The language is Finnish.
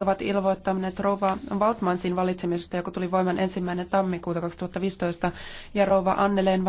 ovat ilmoittaneet rouva Vautmansin valitsemisesta, joka tuli voiman ensimmäinen tammikuuta 2015, ja rouva Anneleen